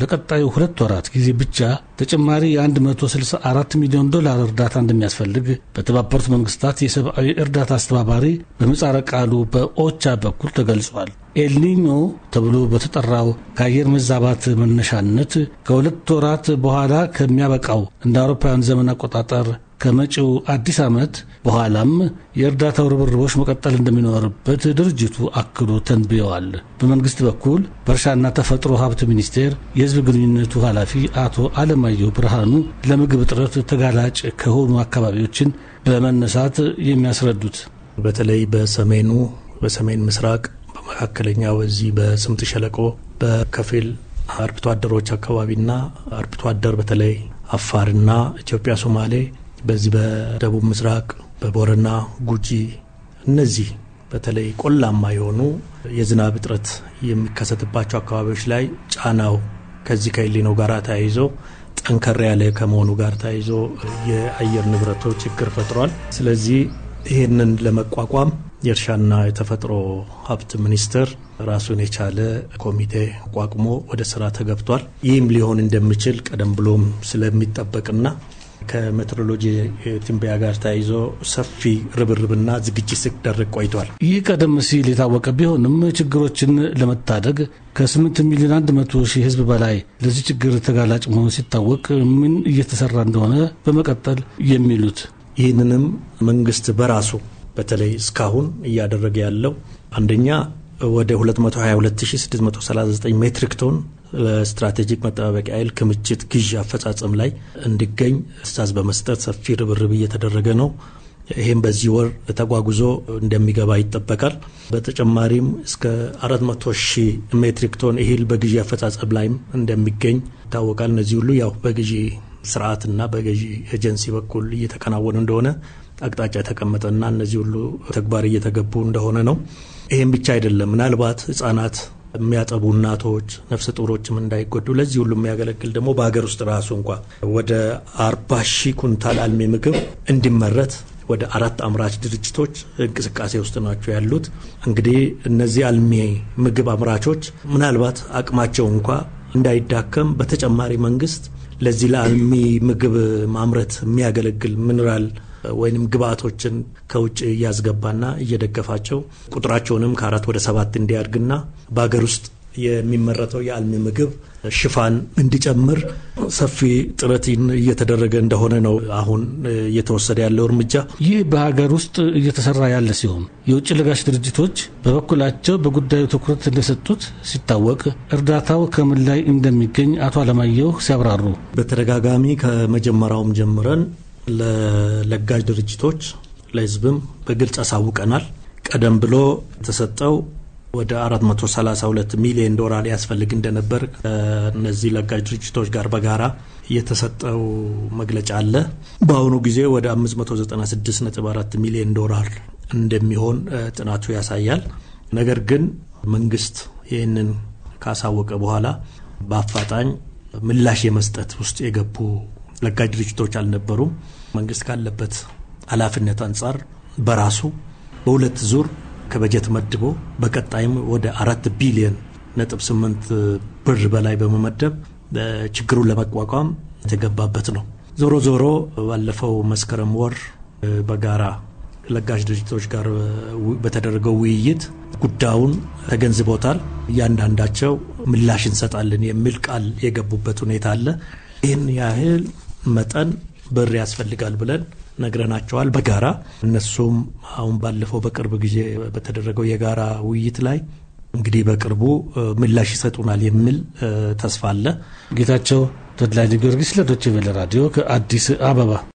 ለቀጣዩ ሁለት ወራት ጊዜ ብቻ ተጨማሪ የ164 ሚሊዮን ዶላር እርዳታ እንደሚያስፈልግ በተባበሩት መንግስታት የሰብአዊ እርዳታ አስተባባሪ በምጻረ ቃሉ በኦቻ በኩል ተገልጿል። ኤልኒኞ ተብሎ በተጠራው ከአየር መዛባት መነሻነት ከሁለት ወራት በኋላ ከሚያበቃው እንደ አውሮፓውያን ዘመን አቆጣጠር ከመጪው አዲስ ዓመት በኋላም የእርዳታው ርብርቦች መቀጠል እንደሚኖርበት ድርጅቱ አክሎ ተንብየዋል። በመንግስት በኩል በእርሻና ተፈጥሮ ሀብት ሚኒስቴር የህዝብ ግንኙነቱ ኃላፊ አቶ አለማየሁ ብርሃኑ ለምግብ እጥረት ተጋላጭ ከሆኑ አካባቢዎችን በመነሳት የሚያስረዱት በተለይ በሰሜኑ፣ በሰሜን ምስራቅ፣ በመካከለኛ በዚህ በስምጥ ሸለቆ በከፊል አርብቶ አደሮች አካባቢና አርብቶ አደር በተለይ አፋርና ኢትዮጵያ ሶማሌ በዚህ በደቡብ ምስራቅ በቦረና ጉጂ እነዚህ በተለይ ቆላማ የሆኑ የዝናብ እጥረት የሚከሰትባቸው አካባቢዎች ላይ ጫናው ከዚህ ከኤሊኖ ጋር ተያይዞ ጠንከር ያለ ከመሆኑ ጋር ተያይዞ የአየር ንብረቱ ችግር ፈጥሯል። ስለዚህ ይህንን ለመቋቋም የእርሻና የተፈጥሮ ሀብት ሚኒስቴር ራሱን የቻለ ኮሚቴ አቋቁሞ ወደ ስራ ተገብቷል። ይህም ሊሆን እንደሚችል ቀደም ብሎም ስለሚጠበቅና ከሜትሮሎጂ ትንበያ ጋር ተያይዞ ሰፊ ርብርብና ዝግጅት ሲደረግ ቆይቷል። ይህ ቀደም ሲል የታወቀ ቢሆንም ችግሮችን ለመታደግ ከ8 ሚሊዮን 100 ሺህ ህዝብ በላይ ለዚህ ችግር ተጋላጭ መሆኑ ሲታወቅ ምን እየተሰራ እንደሆነ በመቀጠል የሚሉት ይህንንም መንግስት በራሱ በተለይ እስካሁን እያደረገ ያለው አንደኛ ወደ 222639 ሜትሪክ ቶን ለስትራቴጂክ መጠባበቂያ ኃይል ክምችት ግዢ አፈጻጸም ላይ እንዲገኝ ትዕዛዝ በመስጠት ሰፊ ርብርብ እየተደረገ ነው። ይህም በዚህ ወር ተጓጉዞ እንደሚገባ ይጠበቃል። በተጨማሪም እስከ 400 ሺህ ሜትሪክ ቶን እህል በግዢ አፈጻጸም ላይም እንደሚገኝ ይታወቃል። እነዚህ ሁሉ ያው በግዢ ስርዓትና በገዢ ኤጀንሲ በኩል እየተከናወኑ እንደሆነ አቅጣጫ የተቀመጠና እነዚህ ሁሉ ተግባር እየተገቡ እንደሆነ ነው። ይህም ብቻ አይደለም። ምናልባት ህጻናት የሚያጠቡ እናቶች ነፍሰ ጡሮችም እንዳይጎዱ ለዚህ ሁሉ የሚያገለግል ደግሞ በሀገር ውስጥ ራሱ እንኳ ወደ አርባ ሺህ ኩንታል አልሚ ምግብ እንዲመረት ወደ አራት አምራች ድርጅቶች እንቅስቃሴ ውስጥ ናቸው ያሉት። እንግዲህ እነዚህ አልሚ ምግብ አምራቾች ምናልባት አቅማቸው እንኳ እንዳይዳከም በተጨማሪ መንግስት ለዚህ ለአልሚ ምግብ ማምረት የሚያገለግል ምንራል ወይም ግብአቶችን ከውጭ እያስገባና እየደገፋቸው ቁጥራቸውንም ከአራት ወደ ሰባት እንዲያድግና በሀገር ውስጥ የሚመረተው የአልሚ ምግብ ሽፋን እንዲጨምር ሰፊ ጥረት እየተደረገ እንደሆነ ነው አሁን እየተወሰደ ያለው እርምጃ። ይህ በሀገር ውስጥ እየተሰራ ያለ ሲሆን የውጭ ለጋሽ ድርጅቶች በበኩላቸው በጉዳዩ ትኩረት እንደሰጡት ሲታወቅ እርዳታው ከምን ላይ እንደሚገኝ አቶ አለማየሁ ሲያብራሩ በተደጋጋሚ ከመጀመሪያውም ጀምረን ለለጋሽ ድርጅቶች ለህዝብም በግልጽ አሳውቀናል። ቀደም ብሎ የተሰጠው ወደ 432 ሚሊዮን ዶላር ያስፈልግ እንደነበር ከእነዚህ ለጋሽ ድርጅቶች ጋር በጋራ የተሰጠው መግለጫ አለ። በአሁኑ ጊዜ ወደ 596.4 ሚሊዮን ዶላር እንደሚሆን ጥናቱ ያሳያል። ነገር ግን መንግስት ይህንን ካሳወቀ በኋላ በአፋጣኝ ምላሽ የመስጠት ውስጥ የገቡ ለጋሽ ድርጅቶች አልነበሩም። መንግስት ካለበት ኃላፊነት አንጻር በራሱ በሁለት ዙር ከበጀት መድቦ በቀጣይም ወደ አራት ቢሊዮን ነጥብ ስምንት ብር በላይ በመመደብ ችግሩን ለመቋቋም የተገባበት ነው። ዞሮ ዞሮ ባለፈው መስከረም ወር በጋራ ለጋሽ ድርጅቶች ጋር በተደረገው ውይይት ጉዳዩን ተገንዝቦታል። እያንዳንዳቸው ምላሽ እንሰጣለን የሚል ቃል የገቡበት ሁኔታ አለ። ይህን ያህል መጠን ብር ያስፈልጋል ብለን ነግረናቸዋል። በጋራ እነሱም አሁን ባለፈው በቅርብ ጊዜ በተደረገው የጋራ ውይይት ላይ እንግዲህ በቅርቡ ምላሽ ይሰጡናል የሚል ተስፋ አለ። ጌታቸው ተድላ ጊዮርጊስ ለዶቼ ቬለ ራዲዮ ከአዲስ አበባ